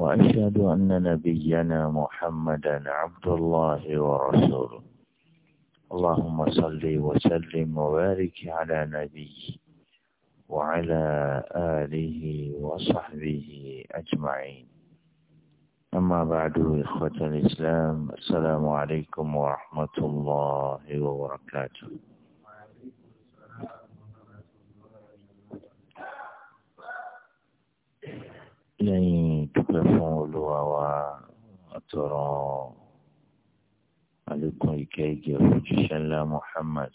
وأشهد أن نبينا محمدا عبد الله ورسوله اللهم صل وسلم وبارك على نبي وعلى آله وصحبه أجمعين أما بعد إخوة الإسلام السلام عليكم ورحمة الله وبركاته لن dúpẹ́ fún olúwa wa àtọ̀rọ̀ àlékún ìkẹ́ ìgẹ̀ òjíṣẹ́ ńlá Muhammad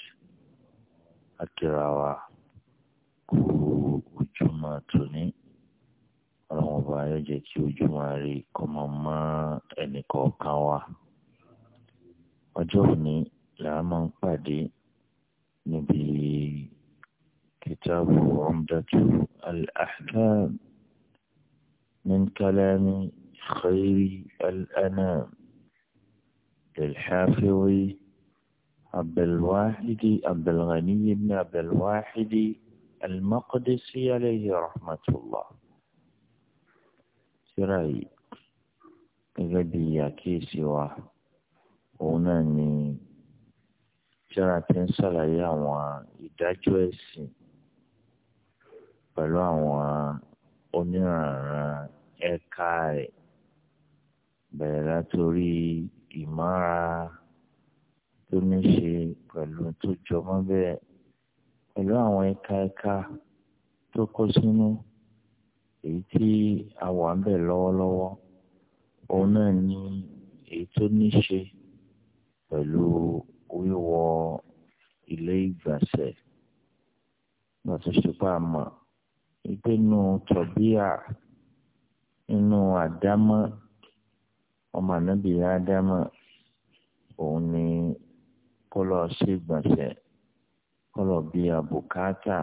akírawa kú ojúmọ́ tóní ọlọ́run ọba yóò jẹ́ kí ojúmọ́ rí kọ́mọ mọ́ ẹnìkọ̀ọ̀kan wa ọjọ́ òní là máa ń pàdé níbi kìtàbù Umdatu al-Ahkam. من كلام خير الأنام للحافظ عبد الواحد عبد الغني بن عبد الواحد المقدسي عليه رحمة الله سرائي غبي يكيسي واحد òun náà ni tíra ti ń ṣàlàyé àwọn ẹ̀ka rẹ̀ bẹ̀rẹ̀ látòrí ìmọ̀ra tó ní ṣe pẹ̀lú tó jọmọ́ bẹ́ẹ̀ pẹ̀lú àwọn ẹ̀ka ẹ̀ka tó kó sínú èyí tí a wà ń bẹ̀ lọ́wọ́lọ́wọ́ òun náà ní èyí tó ní ṣe pẹ̀lú wíwọ ilé ìgbọ̀nsẹ̀ lọ́tún ṣùpá mọ̀ ìpinnu inú àdámọ́ ọmọ ànábì ádámọ́ òun ni kó lọ sí ìgbọ̀nsẹ̀ kó lọ bí àbùkátà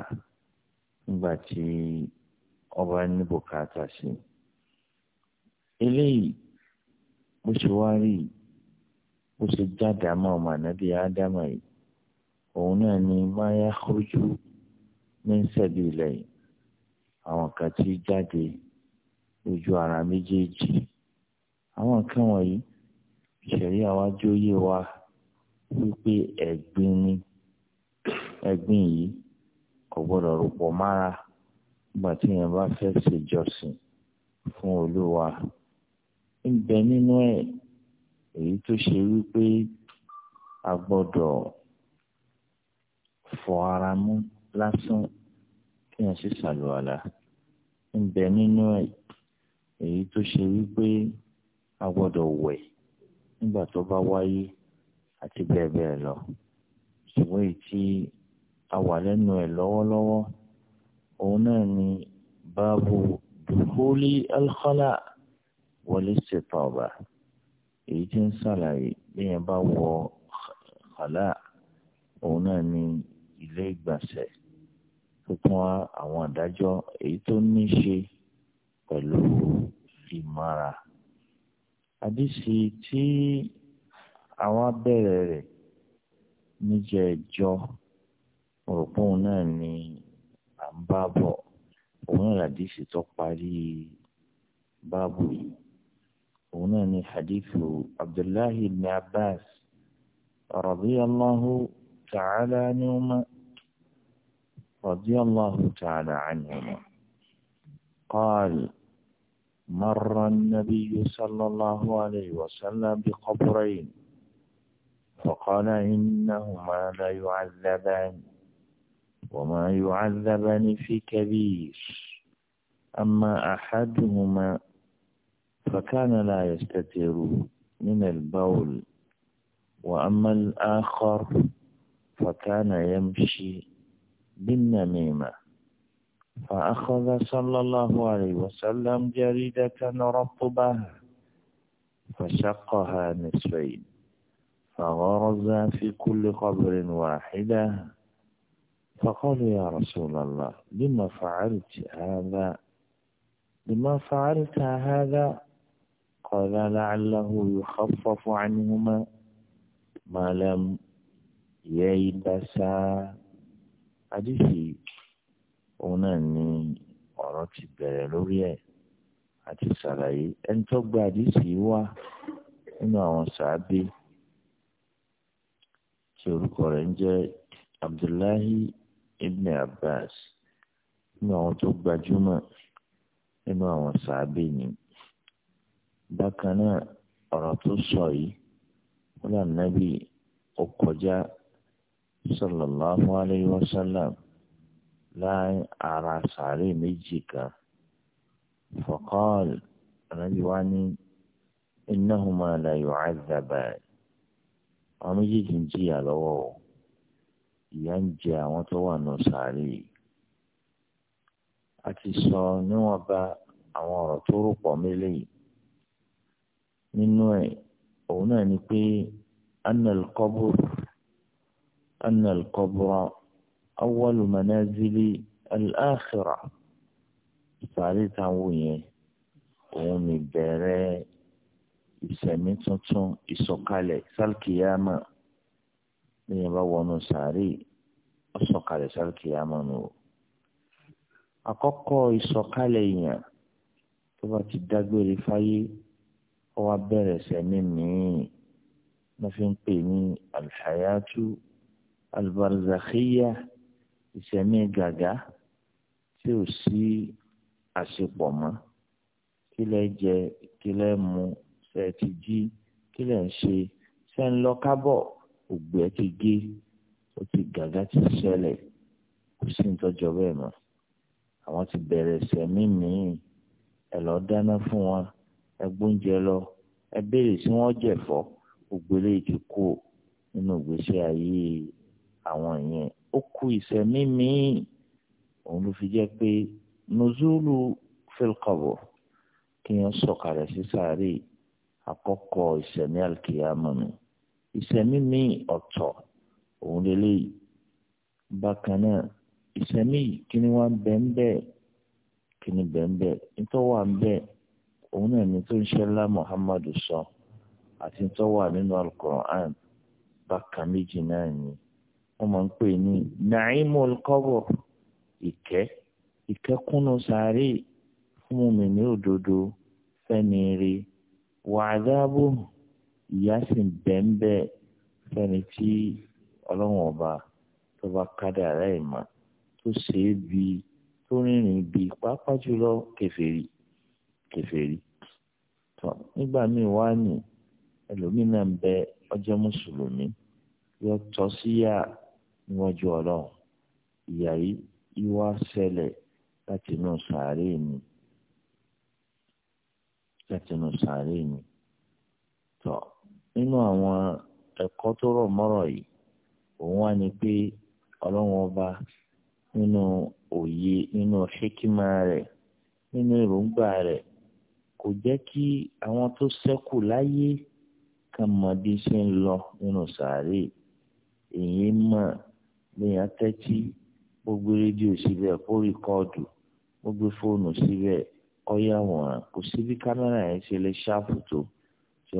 nígbà tí ọba ní bùkátà sí eléyìí bó ṣe wá rí bó ṣe jáde àmọ́ ọmọ ànábì ádámọ́ yìí òun náà ni máyà kọjú ní sẹ́bi ilẹ̀ yìí àwọn kan ti jáde. ojú ara méjèèjì àwọn nǹkan wọ̀nyí ìṣẹ̀rí àwájú yé wa wípé ẹ̀gbin ni ẹ̀gbin yìí kò gbọ́dọ̀ rúpọ̀ mára nígbà tí bá fẹ́ fún olúwa wa. nínú ẹ̀ èyí tó ṣe wípé a gbọ́dọ̀ fọ ara mú lásán kí sì ṣàlùwàlà èyí tó ṣe wípé a gbọ́dọ̀ wẹ̀ nígbà tó bá wáyé àti bẹ́ẹ̀ bẹ́ẹ̀ lọ ṣùgbọ́n èyí tí a wà lẹ́nu ẹ̀ lọ́wọ́lọ́wọ́ òun náà ni báàbù dùkúlì alkọ́là wọlé ṣètò ọ̀bà èyí tí ń ṣàlàyé bíyẹn bá wọ kàlà òun náà ni ilé ìgbọ̀nsẹ̀ tó tún wá àwọn àdájọ́ èyí tó ní ṣe pẹ̀lú ìmọ̀ra. Àdìsí tí àwọn abẹ́rẹ́ rẹ̀ níjẹ́ ẹjọ́ òròpóun náà ni à ń bá bọ̀ òun náà làdìsí tó parí báàbù yìí òun náà ni hadithu Abdullahi ibn Abbas radiyallahu ta'ala anhuma radiyallahu ta'ala anhuma qala. مر النبي صلى الله عليه وسلم بقبرين فقال إنهما لا يعذبان وما يعذبان في كبير أما أحدهما فكان لا يستتر من البول وأما الآخر فكان يمشي بالنميمة فأخذ صلى الله عليه وسلم جريدة رطبها فشقها نصفين فغرز في كل قبر واحدة فقال يا رسول الله لما فعلت هذا لما فعلت هذا قال لعله يخفف عنهما ما لم ييبسا حديث òun náà ni ọ̀rọ̀ ti bẹ̀rẹ̀ lórí ẹ̀ àti ṣàlàyé ẹni tó gba àdìsí wá nínú àwọn sàábé tí orúkọ rẹ̀ ń jẹ́ Abdullahi ibn Abbas nínú àwọn tó gbajúmọ̀ nínú àwọn sàábé ni bákan náà ọ̀rọ̀ tó sọ yìí wọn lànà bí ó kọjá sallallahu alayhi wa sallam láàrin ara sàárè méjì kan fọkọ́ọ̀lù ànábì wá ní innahuma la yu'adhaban àwọn méjèèjì ń jìyà lọ́wọ́ o ìyà ń jẹ àwọn tó wà nù sàárè a ti sọ níwọ̀nba àwọn ọ̀rọ̀ tó rò pọ̀ mélòó nínú ẹ̀ òun náà ni pé anna al anna al أول منازل الآخرة ìparí táwọn yẹn òun ní bẹ̀rẹ̀ ìsẹ̀mí tuntun ìsọ̀kalẹ̀ sálkìyàmà lẹ́yìn bá wọnú sàárì ọ̀sọ̀kalẹ̀ sálkìyàmà nù. àkọ́kọ́ ìsọ̀kalẹ̀ yẹn tó bá ti dágbére fáyé ó wá bẹ̀rẹ̀ sẹ́mi mìíràn wọ́n fi ń pè ní alhayatu albarzakhiya. Al ìṣẹ̀mí gàgà tí ò sí àṣepọ̀ mọ́ kí lẹ jẹ kí lẹ mu ṣe ti jí kí lẹ ń ṣe ṣe ń lọ kábọ̀ ògbẹ́ ti gé ó ti gàgà ti ṣẹlẹ̀ kò sí nítọ́jọ́ bẹ́ẹ̀ mọ́ àwọn ti bẹ̀rẹ̀ ṣẹ̀mí mìíràn ẹ lọ dáná fún wọn ẹ gbóúnjẹ lọ ẹ béèrè sí wọn jẹ̀fọ́ ògbélé ti kú nínú ìgbésí ayé àwọn yẹn ó ku ìsẹ̀mí míì òun ló fi jẹ́ pé nùzúlù fílkọ̀bọ̀ kí wọ́n sọ̀kalẹ̀ sí sáré àkọ́kọ́ ìsẹ̀mí àlùkìyàmọ̀ mi ìsẹ̀mí míì ọ̀tọ̀ òun lélẹ́yìí bákan náà ìsẹ̀mí kíni wá ń bẹ ń bẹ́ kíni bẹ ń bẹ nítọ́wà ń bẹ òun náà ní tó ń ṣẹlá Muhammadu sọ àti nítọ́wà nínú al bákan méjì náà ni wọ́n máa ń pè ní naimul kọ́bọ̀ ìkẹ́ ìkẹ́kùnú sàárè fún mi ní òdodo fẹ́ni rí wàdábò ìyá sì ń bẹ́ńbẹ́ fẹ́ni tí ọlọ́run ọba tó bá kádà rẹ̀ mọ́ tó ṣe é bi tó rìnrìn bi pàápàá jùlọ kèfèrí kèfèrí tó nígbà míì wá ní ẹlòmíràn bẹ ọjọ́ mùsùlùmí yóò tọ́ síyà níwájú ọlọ́run ìyà yìí ìwà ṣẹlẹ̀ láti inú sàárè mi láti inú sàárè mi tọ́ nínú àwọn ẹ̀kọ́ tó rọ̀ mọ́rọ̀ yìí òun wá ni pé ọlọ́run ọba nínú òye nínú ṣékímà rẹ̀ nínú èròǹgbà rẹ̀ kò jẹ́ kí àwọn tó ṣẹ́kù láyé kàn mọ̀ bí ṣe ń lọ nínú sàárè èyí mọ̀ nìyẹn tẹ́tí gbogbo gbé rédíò síbẹ̀ kó rìkọ́ọ̀dù mo fóònù síbẹ̀ kó kò sí bí kámẹ́rà yẹn ṣe lè ṣáàpù tó tí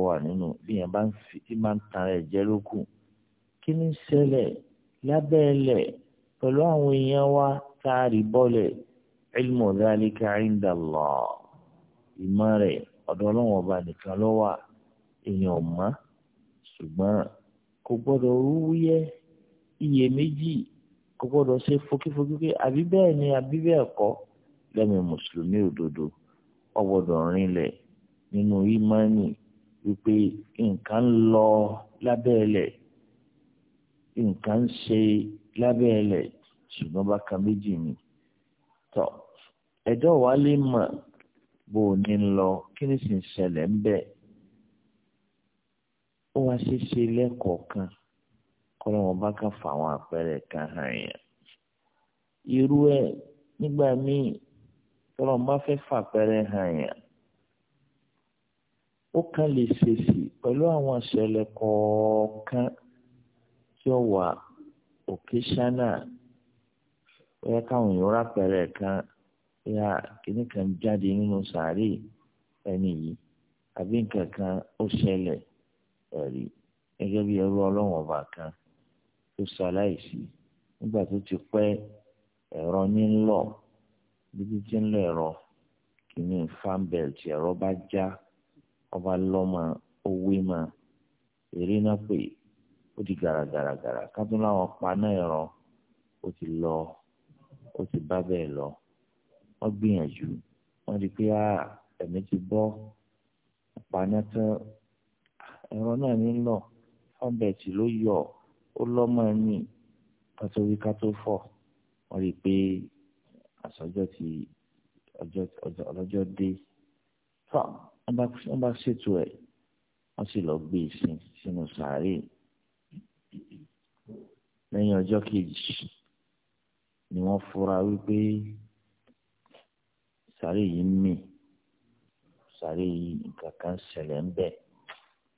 wọ́n nínú bí bá ń fi tí máa ń tan rẹ̀ jẹ́ lókù kí ni ṣẹlẹ̀ lábẹ́ ẹlẹ̀ pẹ̀lú àwọn èèyàn wa tá a rí bọ́lẹ̀ ìmọ̀ rẹ̀ ọlọ́wọ́n ọba nìkan iyèméjì meji gbọ́dọ̀ ṣe fokífokí pé àbí ni àbí bẹ́ẹ̀ kọ́ lẹ́mìí mùsùlùmí òdodo rinlẹ̀ nínú ìmánì wípé nǹkan ń lọ lábẹ́ẹ̀lẹ̀ nǹkan ń ṣe lábẹ́ẹ̀lẹ̀ ṣùgbọ́n bákan méjì ni tọ́ o ní lọ kí ni sì ń ṣẹlẹ̀ ń bẹ̀ kọ́lọ́wọ́n bá kà fà àwọn àpẹẹrẹ kan hàn yẹn. irú ẹ̀ nígbà míì tọ́lọ́wọ́n bá fẹ́ fàpẹẹrẹ hàn yẹn. ó kàn lè ṣèṣì pẹ̀lú àwọn ìṣẹ̀lẹ̀ kọ̀ọ̀kan tí ó wà òkè ṣáná ó yẹ káwọn èèyàn rà kan ya kìnnì kan jáde nínú sàárè ẹni yìí àbí nǹkan tó ṣaláìsí nígbà tó ti pẹ́ ẹ̀rọ ní ń lọ bíbí tí ń lọ ẹ̀rọ kìíní fan belt bá já ọba lọ́mọ owó mọ eré náà pé ó di gàràgàràgàrà kátó láwọn paná ẹ̀rọ ó ti lọ ó ti bá lọ wọ́n gbìyànjú wọ́n di pé ẹ̀mí ti bọ́ paná tán ẹ̀rọ náà ní lọ fan belt ló yọ ó lọ́mọ ẹ̀mí kátó wí kátó fọ̀ wọ́n rí i pé àsọjọ́ ti ọlọ́jọ́ dé fà wọ́n bá ṣètò ẹ̀ wọ́n sì lọ gbé e sin sínú sàárè lẹ́yìn ọjọ́ kejì ni wọ́n fura wípé sàárè yìí ń mì sàárè yìí nǹkan kan ṣẹlẹ̀ ń bẹ̀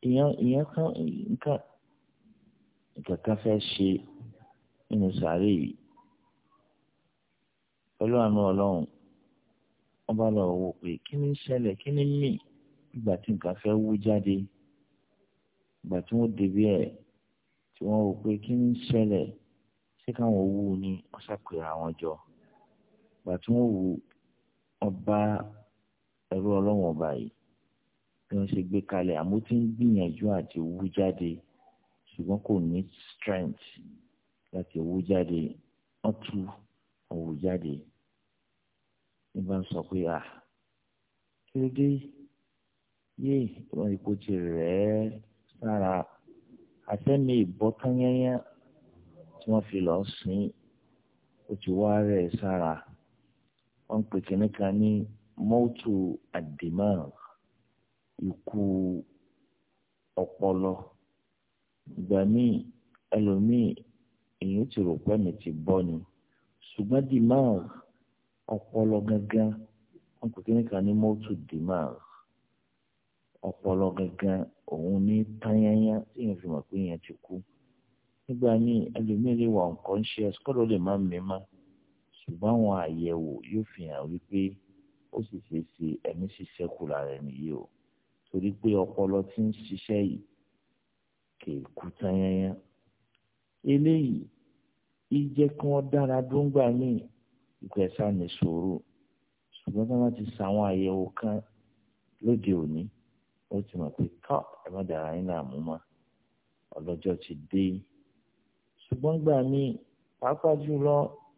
ìyẹn nǹkan nǹkan kan fẹ́ ṣe nínú sàárè yìí pẹ̀lú àánú ọlọ́run wọ́n bá lọ wò pé kí ni ń ṣẹlẹ̀ kí ni mì ìgbà tí nǹkan fẹ́ wú jáde ìgbà tí wọ́n débi ẹ̀ tí wọ́n wò pé kí ni ń ṣé káwọn wú ni wọ́n ṣàpèrè àwọn jọ ìgbà tí wọ́n wù wọ́n bá ẹrú ọlọ́run ọba yìí bí wọ́n ṣe gbé kalẹ̀ àmọ́ tí ń gbìyànjú àti wú jáde ṣùgbọ́n kò ní strength láti owó jáde wọ́n tú owó jáde ní bá ń sọ pé à kí ló dé yé wọn ipò ti rẹ̀ ẹ́ sára àtẹ́mi ìbọ́tán yẹ́yẹ́ tí wọ́n fi lọ́ọ́ sìn ó ti wá rẹ̀ sára wọ́n pè kínní kan ní mọ́tò àdìmọ́ ikú ọpọlọ ìgbà míì ẹlòmíì èyí ti rò pé mi ti bọ́ ni ṣùgbọ́n dimag ọpọlọ gangan wọn kò kíni kan ní mọ́tò dimag ọpọlọ gangan òun ní tányányá tí yẹn fi mọ̀ pé yẹn ti kú nígbà míì ẹlòmíì lè wà unconscious kọ́dọ̀ lè má mímá ṣùgbọ́n àwọn àyẹ̀wò yóò fi hàn wípé ó sì ṣeé ṣe ẹ̀mí ṣiṣẹ́ kù lára ẹ̀mí yìí o torí pé ọpọlọ ti ń ṣiṣẹ́ yìí kì í kú tán yányán eléyìí ìjẹ́ kí wọ́n dára dóńgbà míì ìgbẹ́sà ní sòrò ṣùgbọ́n tí wọ́n ti ṣàwọn àyẹ̀wò kan lóde òní ó ti mọ̀ pé tọ́ ẹ má dára yín láàmú mọ́ ọlọ́jọ́ ti dé ṣùgbọ́n gbà míì pàápàá jùlọ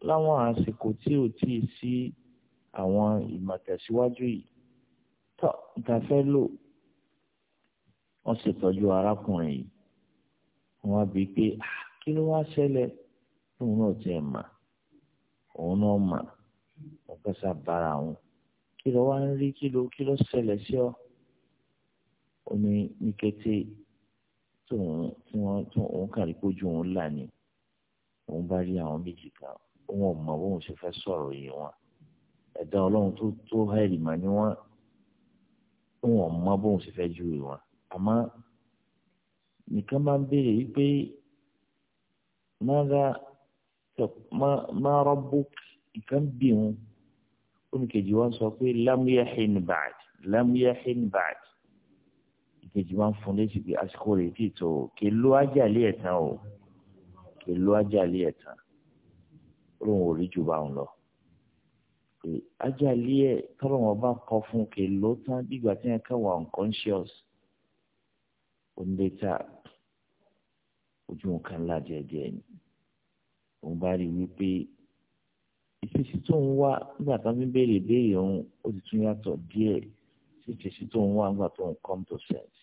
láwọn àsìkò tí ò tí ì sí àwọn ìmọ̀tẹ̀síwájú yìí tọ́ ìtafẹ́ lò wọ́n ṣètọ́jú arákùnrin yìí wọ́n bi pé ah, kí ló wá ṣẹlẹ̀ tóun náà tiẹ̀ mà òun náà mà wọ́n fẹ́ sábàárà òun kí ló wá ń rí kí ló kí ló ṣẹlẹ̀ sí ọ ó ní ní kété tóun tí wọ́n tó òun kàrí kójú òun là ní òun bá rí àwọn méjì kan òun ò mọ bóun ṣe fẹ́ sọ̀rọ̀ yìí wọn ẹ̀dá ọlọ́run tó tó hẹ́rì mà ní wọn òun ò bóun ṣe fẹ́ júwe wọn àmọ́ nìkan máa ń béèrè wípé mọ́ra mọ́ra book nǹkan bí wọn oníkejì wọn sọ pé lamuyahin baad lamuyahin baad ìkejì wọn fún létí pé àsìkò rẹ̀ ti tó kè ló ajáàlì ẹ̀tàn o kè ló ajáàlì ẹ̀tàn lóun ò rí jù bá wọn lọ pé ajáàlì ẹ̀ tọ́rọ̀ wọn bá kọ fún kè ló tán bí tí wọn kàn wà unconscious onílẹ̀ta ojú wọn kan ńlá jẹjẹ ni òun bá rí i wípé ìṣesí tó ń wá nígbà tó ń fi béèrè béèrè òun ó ti tún yàtọ̀ díẹ̀ sí ìṣesí tó ń wá nígbà tó ń come to sense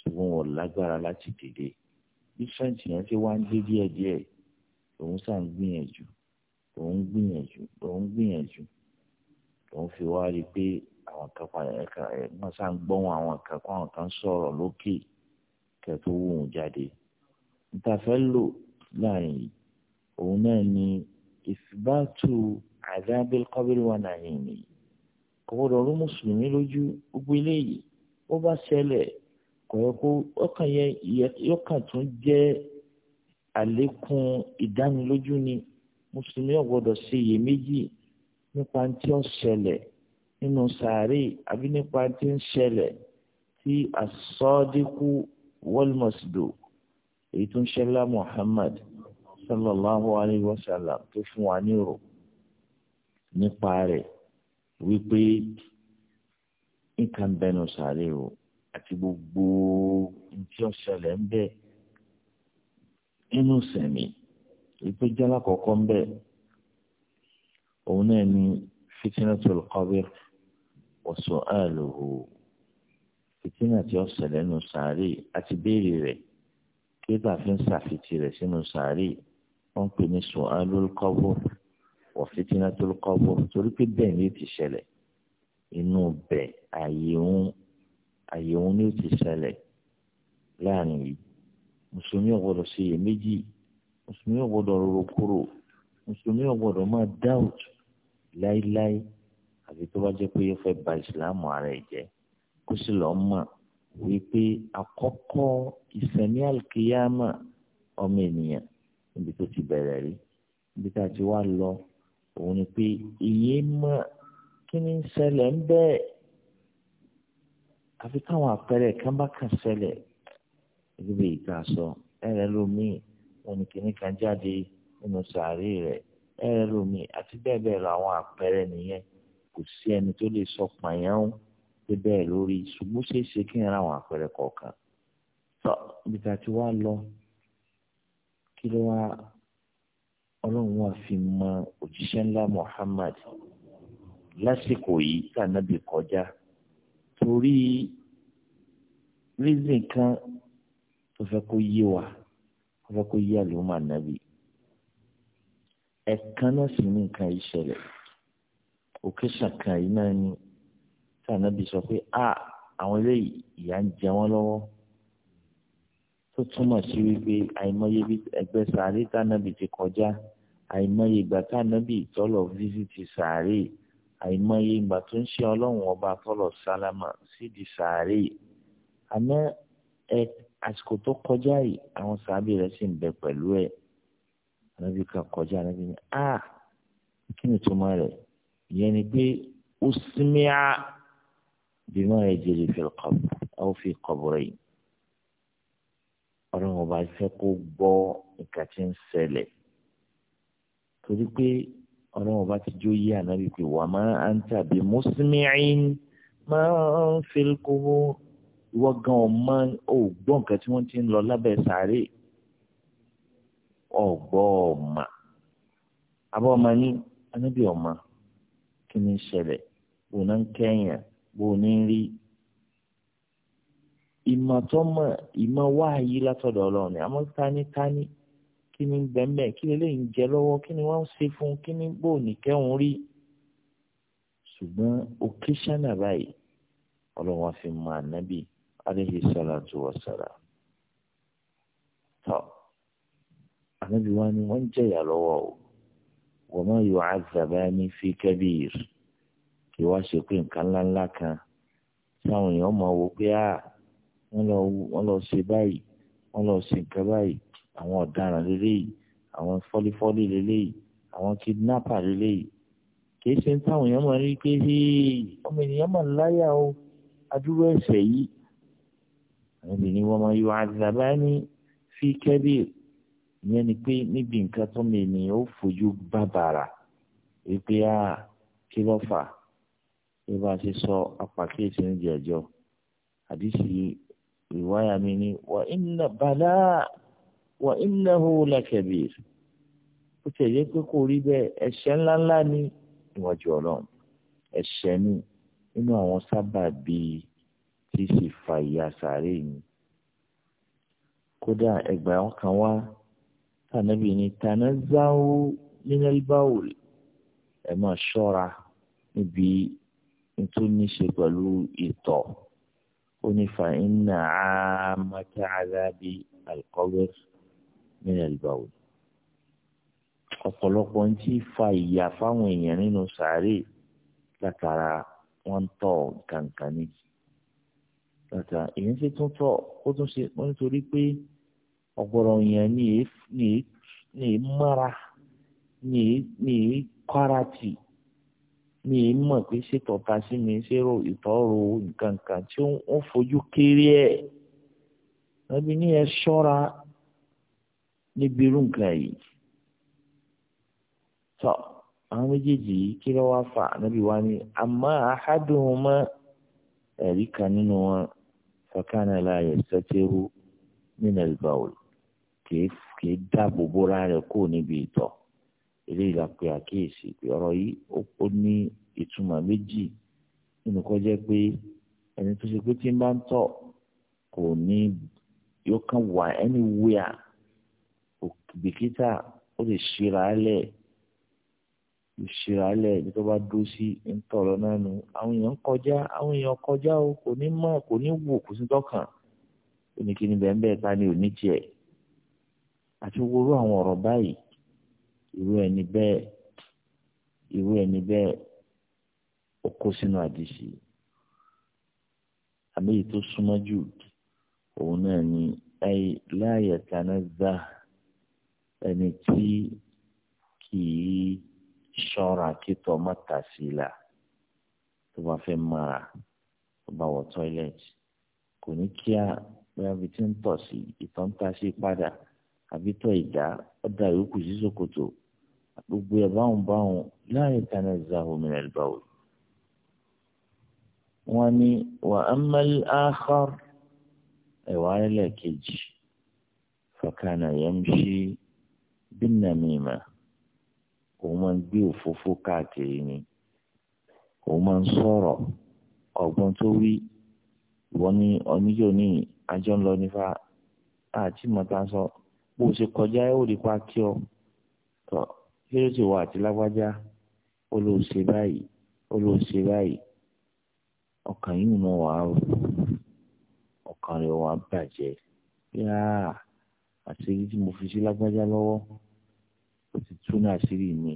ṣùgbọ́n wọn lágbára láti dìde different yẹn ti wá ń dé díẹ̀díẹ̀ òun sá ń gbìyànjú òun gbìyànjú òun gbìyànjú òun fi wá rí i pé àwọn kan padà ẹ̀ka ẹ̀ wọ́n sá ń gbọ́n àwọn kan kó àwọn kan sọ̀rọ̀ lókè kẹ́ẹ̀ tó wù ú jáde níta fẹ́ lò láàrin yìí òun náà ni ìsìbáàtù àdábẹ́lẹ́ kọ́bílì wà láàrin yìí kò gbọ́dọ̀ rú mùsùlùmí lójú gbogbo eléyìí ó bá ṣẹlẹ̀ kò yẹ kó ọkàn yẹn yóò kàn tún jẹ́ àlékún ìdánilójú ni mùsùlùmí ò ṣe iyèméjì nípa tí ó ṣẹlẹ̀ nínú sàárè àbí nípa tí ń ṣẹlẹ̀ tí àsọdínkù wọlmọsídò èyí tó ń ṣẹlá Muhammad sallallahu alayhi wa sallam tó fún wa ní rò nípa rẹ̀ wípé nǹkan bẹnu sàárè o àti gbogbo ntí ọ̀ṣẹlẹ̀ ń bẹ inú sẹ̀mí wípé jálá kọ̀ọ̀kan ń bẹ òun náà ni fitnatul qabr wa su'aluhu fitina tí ọ̀ṣẹlẹ̀ nù sàárè àti béèrè rẹ̀ gbégbà fi ń ṣàfitì rẹ̀ sínú sàárì wọ́n pè ní su'alul qabr wa fitnatul qabr torí pé bẹ́ẹ̀ ni ó ti ṣẹlẹ̀ inú bẹ̀ àyè òun àyè òun ni ó ti ṣẹlẹ̀ láàrin yìí mùsùlùmí ò gbọ́dọ̀ ṣe iyèméjì mùsùlùmí ò gbọ́dọ̀ kúrò mùsùlùmí ò máa doubt láíláí àfi tó bá jẹ́ pé yóò fẹ́ ba ìsìláàmù ara ẹ̀ jẹ́ kó sì lọ́ọ́ mọ̀ wípé àkọ́kọ́ ìsẹ̀mí àlùkìyàmà ọmọ ènìyàn níbi tó ti bẹ̀rẹ̀ rí níbi tá a ti wá lọ òun ni pé èyí mọ̀ kí ni ń ṣẹlẹ̀ ń bẹ́ẹ̀ àfi káwọn àpẹẹrẹ kan bá kàn ṣẹlẹ̀ gẹ́gẹ́ bí ìta sọ ẹ̀rẹ́ lómìn wọn ni kìnìún kan jáde nínú sàárè rẹ̀ ẹ̀rẹ́ lómìn àti bẹ́ẹ̀ bẹ́ẹ̀ lọ àwọn àpẹẹrẹ nìyẹn kò sí ẹni tó lè sọ pààyàn ebe bẹ́ẹ̀ lórí ṣùgbọ́n ṣe é ṣe kí n ra àwọn àpẹẹrẹ kọ̀ọ̀kan lọ kí ló wá ọlọ́run fi mọ òjíṣẹ́ ńlá Muhammad lásìkò yìí tànàbì kọjá torí rízìn kan tó fẹ́ kó yé wa tó fẹ́ kó yé àlùmọ́ ẹ̀ẹ̀kan náà sì ní nǹkan yìí òkè ṣàkàn yìí náà kànábì sọ pé a àwọn eléyìí ìyà ń jẹ wọ́n lọ́wọ́ tó túmọ̀ sí wípé àìmọye ẹgbẹ́ sàárè tànábì ti kọjá àìmọye ìgbà tànábì tọ́lọ̀ fíṣítì sàárè àìmọye ìgbà tó ń ṣe ọlọ́run ọba tọ́lọ̀ sálámà sídìí sàárè àmọ́ ẹ àsìkò tó kọjá yìí àwọn sàábì rẹ̀ sì ń bẹ pẹ̀lú ẹ̀ ànábì kan kọjá ànábì ni a kí ni túmọ̀ rẹ̀ ìyẹn ni pé ó sinmi a. بما يجري في القبر أو في قبرين ọlọ́run ọba fẹ́ kó gbọ́ nǹkan tí ń ṣẹlẹ̀ torí pé ọlọ́run ọba ti jó yé ànábì pé wà máa ń tàbí mùsùlùmíín máa ń fi kówó ìwọ gan ọmọ ò gbọ́ nǹkan tí wọ́n ti ń lọ lábẹ́ sàárè ọ̀gbọ́ ọ̀mà àbọ̀ ọmọ ní ànábì ọmọ kí ni ń ṣẹlẹ̀ òun náà ń kẹ́yìn bó o ní rí ìmọ̀ tó mọ̀ ìmọ̀ wá yí látọ̀dọ̀ ọlọ́run àmọ́ tánítáni kí ni bẹ́ẹ̀ kí ni eléyìí ń jẹ lọ́wọ́ kí ni wọ́n ń ṣe fún kí ni bó o ní kẹ́hún rí ṣùgbọ́n occasion báyìí ọlọ́run wá fi mọ ànábì alayhi salatu wa salam tọ́ ànábì wa ni wọ́n ń jẹ̀yà lọ́wọ́ o wa ma yu'azzabani fi kabir kí wá ṣe pé nǹkan ńláńlá kan táwọn èèyàn máa wo pé à ah, wọ́n lọ ṣe báyìí wọ́n lọ ṣe nǹkan báyìí àwọn ọ̀daràn lélẹ́yìí àwọn fọ́lífọ́lí lélẹ́yìí àwọn kidnapper lélẹ́yìí kìí ṣe táwọn èèyàn máa ń rí pé ọmọ ènìyàn máa ń láyà o adúrú ẹ̀ṣẹ̀ yìí àwọn obìnrin wọn máa yọ àdàbà ní fi kẹ́bíì ìyẹn ni pé níbi nǹkan tó mi ènìyàn ó fojú bàbàrà wípé à ah, kí ló fà á bí bá a ṣe sọ apàkíyèsí ní ìjẹ́jọ́ àdìsí ìwáyà mi ni wà iná bàlá wà iná hó lẹ́kẹ̀bìr ó ti ẹ̀yẹ pé kò rí bẹ́ẹ̀ ẹ̀ṣẹ̀ ńláńlá ní ìwájú ọlọ́run ẹ̀ṣẹ̀ ní nínú àwọn sábà bíi tí sì fa ìyà sàárè ni kódà ẹgbàá ọkàn wá tànàbí ni tànàzáwó nínú ẹlbáwò ẹ máa ṣọ́ra níbi tó ní ṣe pẹ̀lú ìtọ̀ ó ní fa iná àmàkà àdábì alkọ́wẹ́r nínú ìgbàwò. ọ̀pọ̀lọpọ̀ ń tí fa ìyà fáwọn èèyàn nínú sàárè látara wọn tọ̀ kankan ní. látà èyí ṣe tún tọ̀ ó tún ṣe wọ́n nítorí pé ọ̀pọ̀lọpọ̀ èèyàn ní èé mára ní èé kọ́ra tì mi ì mọ̀ pé ṣé tọ̀ta sí mi ṣé ìtọ́rọ nǹkan kan tí ó fojú kéré ẹ̀ ẹbí ní ẹ ṣọ́ra níbi irú nǹkan yìí tọ́ àwọn méjèèjì yìí kí ló wá fà níbi wá ní àmọ́ àádùn mọ́ ẹ̀rí kan nínú wọn fakana la yastatiru min al-bawl kìí dáàbò bóra rẹ̀ kó níbi ìtọ̀. eléyìí la pe àkíyèsí pé ọ̀rọ̀ yìí ó ní ìtumọ̀ méjì nínú kọ́ jẹ́ pé ẹni tó ṣe pé tí ń bá ń tọ̀ kò ní yóò kàn wà anywhere bìkítà ó lè ṣíra lẹ̀ lẹ̀ ní tó bá dó sí ń tọ̀ nu àwọn èèyàn kọjá àwọn èèyàn kọjá o kò ní mọ̀ kò ní wò kò sí tọkàn bẹ́ẹ̀ bẹ́ẹ̀ ta ni ò ní tiẹ̀ àti àwọn irú ẹni bẹ́ẹ̀ irú ẹni bẹ́ẹ̀ ó kó sínú àdìsí àbẹ́yìí tó súnmọ́ jù òun náà ni ẹ̀yìn láàyè tanazza ẹni tí kì í ṣọ́ra kítọ̀ mọ́ta sí la tó bá fẹ́ mara tó bá wọ tọ́ílẹ̀tì kò ní kíá bóyá bí tí ń tọ̀ sí ìtọ̀ ń ta sí padà àbí tọ̀ ìdá ọ̀dà ìrókù sí ṣòkòtò gbogbo ẹ̀ báwọn báwọn láàyè kaná zahu min al-bawl. wọ́n ní wa amma al-akhar ẹ̀wà ẹlẹ́ẹ̀kejì fakana yamshi bin namima òun máa ń gbé òfófó káàkiri ni òun máa ń sọ̀rọ̀ ọ̀gbọ́n tó wí wọ́n ní oníjó ní àjọ ńlọ nípa àti mọ̀tà sọ bó o ṣe kọjá ẹ̀ ò rí pa kí ọ tọ́ kí ló ti wà àti lágbájá ó ló ṣe báyìí ó ló ṣe báyìí ọkàn yìí mọ wàá rò ọkàn rẹ̀ wàá bàjẹ́ yáà àṣírí tí mo fi sí lágbájá lọ́wọ́ ó ti tú ní àṣírí mi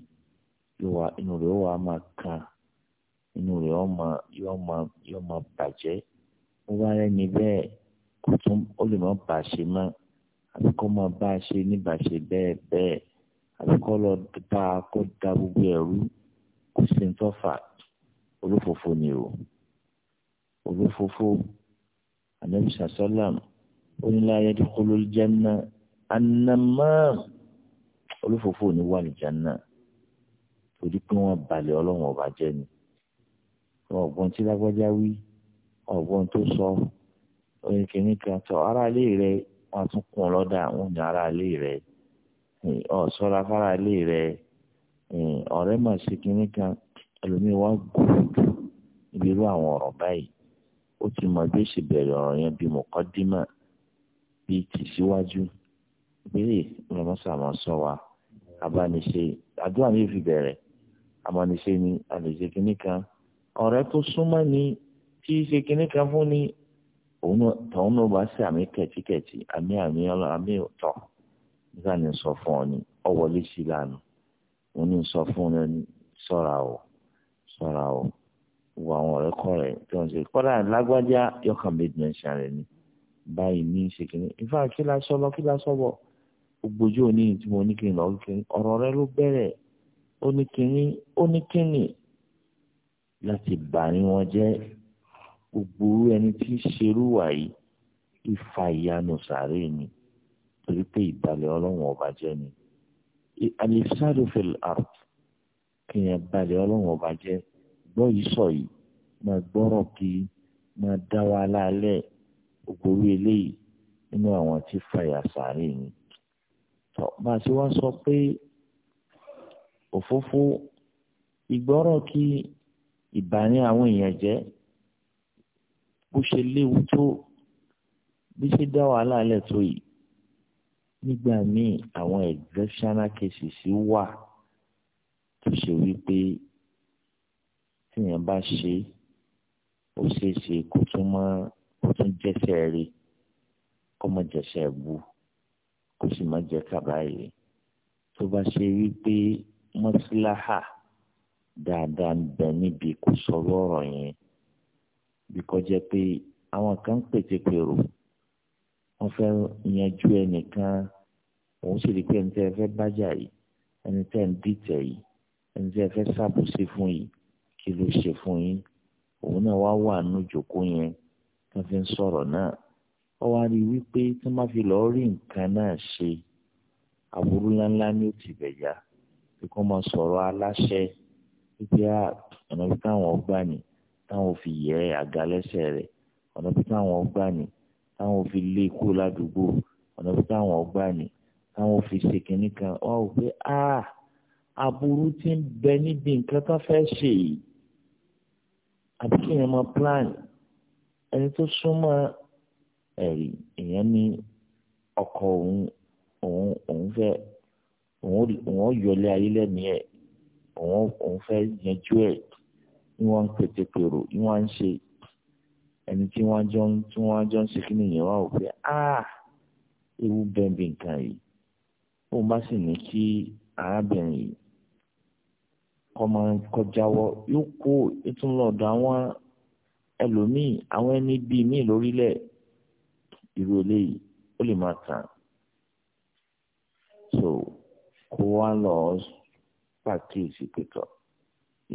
inú rẹ̀ ó wàá máa kan inú rẹ̀ ó máa yóò máa yóò máa bàjẹ́ ó bá rẹ́ni bẹ́ẹ̀ kò tún ó lè má bàa mọ́ àbí kó máa bá a ṣe níbàṣe bẹ́ẹ̀ bẹ́ẹ̀ àbíkọ́ lọ bá da gbogbo ẹ̀rú kò sí ní tọ́fà olófòfò ni o olófòfò anabi sàṣọlám oníláyà dúkọlù jẹnà anamá olófòfò ní wà ní jẹnà torí pé wọn balẹ̀ ọlọ́run ọba jẹ́ ni ọgbọ́n tí lágbájá wí ọgbọ́n tó sọ oyin kìíní kan tọ aráalé rẹ wọn tún kún ọ lọ́dà wọn ní aráalé rẹ ọ sọ́ra fara ilé rẹ ọ̀rẹ́ mà sí kinní kan ẹlòmíín wá gòkè ibi irú àwọn ọ̀rọ̀ báyìí ó ti mọ bí ó sì bẹ̀rẹ̀ ọ̀rọ̀ yẹn bí mo kọ́ dímọ̀ bíi tì síwájú ìbéèrè lọ́mọ́sàmọ́ sọ wa abániṣe àdúrà ní ìfi bẹ̀rẹ̀ amọ̀niṣe ni àlèṣe kinní kan ọ̀rẹ́ tó súnmọ́ ni tí í ṣe kinní kan fún ni òun náà tọ́hún bá ṣe àmì kẹ̀tíkẹ̀tí àmì àmì ọlọ́ àmì ọ̀tọ̀ nígbà ní sọ fún ọ ni ọ wọlé sí lánàá òun ní sọ fún ọ ni ṣọ́ra o ṣọ́ra o wọ àwọn ọ̀rẹ́ kọ́ rẹ̀ tí wọ́n ṣe kọ́dà lágbájá yọkàn méjì náà ṣàrẹ̀ ni báyìí ní ṣe kìíní ìfà kí la sọ lọ kí la sọ bọ̀ gbogbojú òní tí mo ní kí n lọ kí n ọ̀rọ̀ rẹ ló bẹ̀rẹ̀ ó ní láti bà ní wọn jẹ́ gbogbo ẹni tí ń ṣerú wàyí ìfà ìyanu sàárè ni torí pé ìbàlẹ̀ ọlọ́run ọba jẹ́ ni alifisado fil art kìnyẹn balẹ̀ ọlọ́run ọba jẹ́ gbọ́ yìí sọ yìí máa gbọ́rọ̀ kí máa dá wa lálẹ́ ògbóró eléyìí nínú àwọn tí fàyà sàárè ni. tọ́ bá a ti wá sọ pé òfófó ìgbọ́rọ̀ kí ìbàní àwọn èèyàn jẹ́ bó ṣe léwu tó bí ṣe dá wa lálẹ́ tó yìí nígbà míì àwọn exceptional cases wà tó ṣe wípé tíyẹn bá ṣe ó ṣeé ṣe kó tún mọ kó tún jẹsẹ rí kó mọ jẹsẹ bu kó sì má jẹ kàbáyé tó bá ṣe wípé mọ́síláhà dáadáa ń bẹ níbi kó sọ̀rọ̀ ọ̀rọ̀ yẹn bí kò pé àwọn kan ń pètè pèrò wọ́n fẹ́ yanjú ẹnìkan òun sì rí pé ẹni tẹ́ ẹ fẹ́ bájà yìí ẹni tẹ́ ẹ ń dìtẹ̀ yìí ẹni tẹ́ ẹ fẹ́ ṣàbùsí fún yìí kí ló ṣe fún yín òun náà wá wà nù jòkó yẹn tó fi ń sọ̀rọ̀ náà ó wá rí i wípé tó má fi lọ́ọ́ rí nǹkan náà ṣe aburú ńláńlá ni ó ti bẹ̀yà bí kò mọ sọ̀rọ̀ aláṣẹ wípé ọ̀nà bí táwọn ọgbà ni táwọn fi yẹ àga lẹ́sẹ̀ rẹ̀ ọ̀nà bí táwọn ọgbà ni táwọn fi lé e kó ládùúgbò ọ̀nà bí táwọn ọgbà ni àwọn fi ṣe kìnní kan wọn ò pé a ah, aburú ti ń bẹ níbi nǹkan kan fẹ́ ṣe yìí àbí kí èèyàn máa plan ẹni tó súnmọ́ ẹ̀rí èèyàn ní ọkọ̀ òun òun òun fẹ́ òun yọlé ayé lẹ́nu ẹ̀ òun òun fẹ́ yanjú ẹ̀ ni wọ́n ń pété pèrò ni wọ́n ń ṣe ẹni tí wọ́n jọ ń tí wọ́n jọ ń ṣe kí nìyẹn wá ò pé a ah, ewu bẹ́ẹ̀ bí nǹkan yìí tó ń bá sì ní kí arábìnrin yìí kọ́mọ kọjáwọ́ yóò kó ìtúnlọ̀dọ̀ àwọn ẹlòmíì àwọn ẹni bíi míì lórílẹ̀ irú eléyìí ó lè máa tàn so kó wá lọ pàkíyèsí pẹ̀tọ̀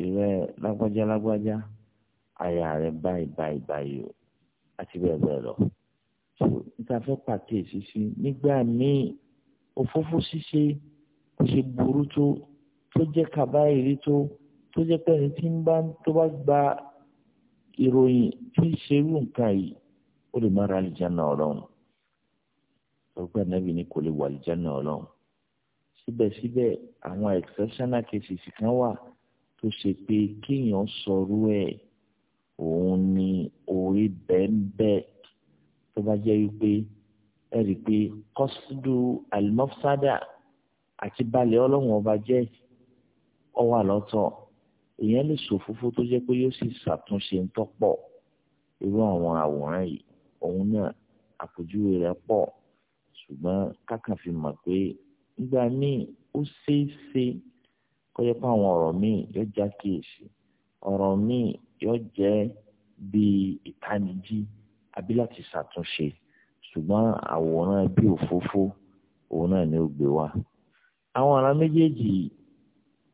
ìrẹ́ lágbájá lágbájá àyà rẹ̀ báyìí báyìí báyìí o àti bẹ́ẹ̀ bẹ́ẹ̀ lọ so níta fẹ́ pàkíyèsí sí nígbà míì òfófó ṣíṣe kò ṣe burú tó tó jẹ́ kàbá èrè tó tó jẹ́ pẹ́ni tí ń bá tó bá gba ìròyìn tí ń ṣerú nǹkan yìí ó lè má ra àlìjáná ọlọ́run ọgbà nàbì ni kò lè wà àlìjáná ọlọ́run síbẹ̀síbẹ̀ àwọn exceptional cases kan wà tó ṣe pé kéèyàn sọrú ẹ̀ òun ni orí bẹ́ẹ̀ bẹ́ẹ̀ tó bá jẹ́ wípé ẹ rí i pé kọ́sídù alimọ́fúsádà àti balẹ̀ ọlọ́run ọba jẹ́ ọwọ́ àlọ́tọ̀ èèyàn lè ṣòfófó tó jẹ́ pé yóò sì ṣàtúnṣe ń tọ́pọ̀ irú àwọn àwòrán yìí òun náà àpèjúwe rẹ̀ pọ̀ ṣùgbọ́n kákan fi mọ̀ pé nígbà míì ó ṣeé ṣe kọ́jọ́ pé àwọn ọ̀rọ̀ míì yóò já kíyèsí ọ̀rọ̀ míì yóò jẹ́ bíi ìtanijí àbí láti ṣàtúnṣe ṣùgbọ́n àwòrán bí òfófó òun náà ni ó gbé wá. àwọn ará méjèèjì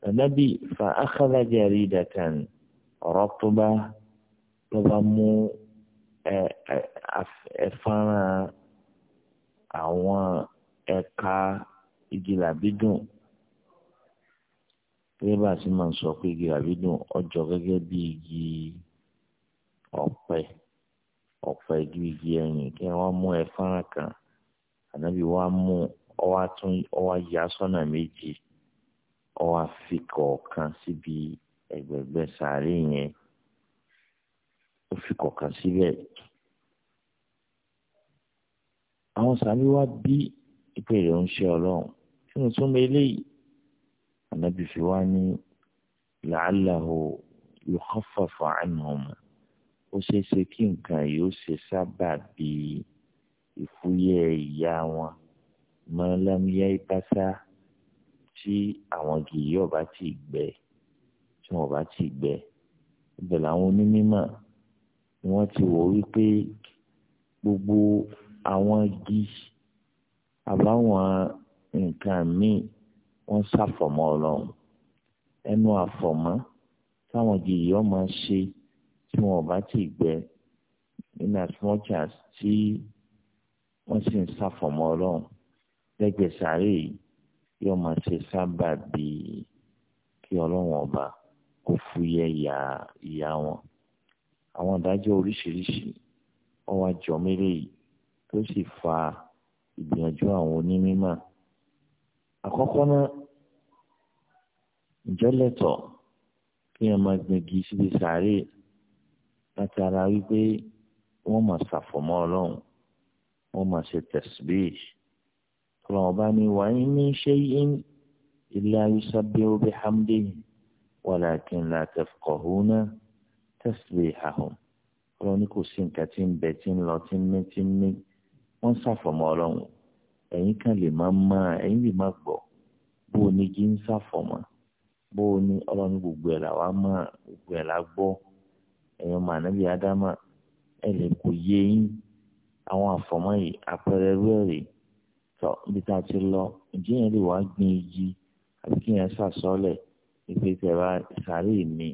ẹ̀nàbì fa akhadha jaridatan ratba ló bá mú ẹ̀fọ́nrán àwọn ẹ̀ka igi làbídùn gẹ́gẹ́ bá a ti máa ń sọ pé igi làbídùn ọjọ́ gẹ́gẹ́ bí igi ọ̀pẹ ọ̀pọ̀ ẹ̀jú igi ẹ̀yìn kí wọ́n mú ẹ̀fọ́nrán kan ànábì wa mú ọwá tún ọwá ya sọ́nà méjì ọwá fi kọ̀ọ̀kan síbi ẹ̀gbẹ̀gbẹ̀ sàárè yẹn ó fi kọ̀ọ̀kan síbẹ̀. àwọn sàárè wa bí ìpèrè ń ṣe ọlọ́run tí mo tún mọ eléyìí ànábì fi wá ní làálàá o yóò kọ́ fàfà àìmọ̀ ọ̀mọ̀ ó ṣeé ṣe kí nǹkan yìí ó ṣe sábà bí ìfúyẹ́ ìyá wọn mọ́lámíyá ìbáṣá tí àwọn gìrì ọba ti gbẹ tí wọn ọba ti gbẹ ibẹ̀ làwọn onímọ̀ ni wọ́n ti wò wípé gbogbo àwọn igi àbáwọn nǹkan míì wọ́n ṣàfọ̀mọ́ ọlọ́run ẹnu àfọ̀mọ́ táwọn gìrì ọmọ ṣe tí wọn ò bá ti gbẹ in as much as tí wọ́n sì ń ṣàfọ̀mọ́ ọlọ́run lẹ́gbẹ̀ẹ́ sáré yìí yóò máa ṣe sábà bíi kí ọlọ́run ọba kó fúyẹ́ ìyá ìyá wọn. àwọn ìdájọ́ oríṣiríṣi ọwọ́ àjọ méjèèjì tó sì fa ìgbìyànjú àwọn onímọ̀. àkọ́kọ́ náà ìjọ́lẹ̀tọ̀ kí wọ́n máa gbẹ̀gì síbi sáré yìí láti ara wípé wọ́n máa ṣàfọ̀mọ́ ọlọ́run wọ́n máa ṣe tẹ̀síbíì ọlọ́run bá ní wa in min shay'in illa yusabbihu bihamdihi walakin la tafqahuna tasbihahum ọlọ́run ní kò sí nǹkan tí ń bẹ tí ń lọ tí ń mí tí ń mí wọ́n ṣàfọ̀mọ́ ọlọ́run ẹ̀yin kan lè máa máa ẹ̀yin lè máa gbọ́ bó o ní jí ń ṣàfọ̀mọ́ bó o ní ọlọ́run gbogbo ẹ̀ làwa máa gbogbo ẹ̀ ẹ̀yin ọmọ ànábì ádámà ẹ̀ lè kò yé yín àwọn àfọ̀mọ́ yìí àpẹẹrẹ rú ẹ̀rì tọ́ níbi tá a ti lọ ǹjẹ́ yẹn lè wá gbin igi àbí kí yẹn ṣàṣọlẹ̀ ìpè tẹ̀ra sàárè mi